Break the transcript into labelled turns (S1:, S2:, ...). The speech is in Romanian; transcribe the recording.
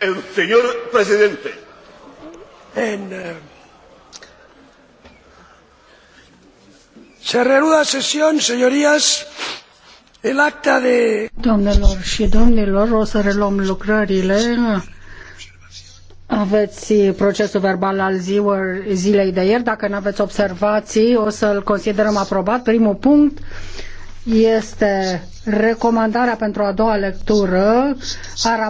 S1: El señor presidente.
S2: En eh, se reanuda sesión, señorías. El acta de.
S3: Domnilor și domnilor, o să reluăm lucrările. Aveți procesul verbal al zilei de ieri. Dacă nu aveți observații, o să-l considerăm aprobat. Primul punct este recomandarea
S4: pentru a doua lectură a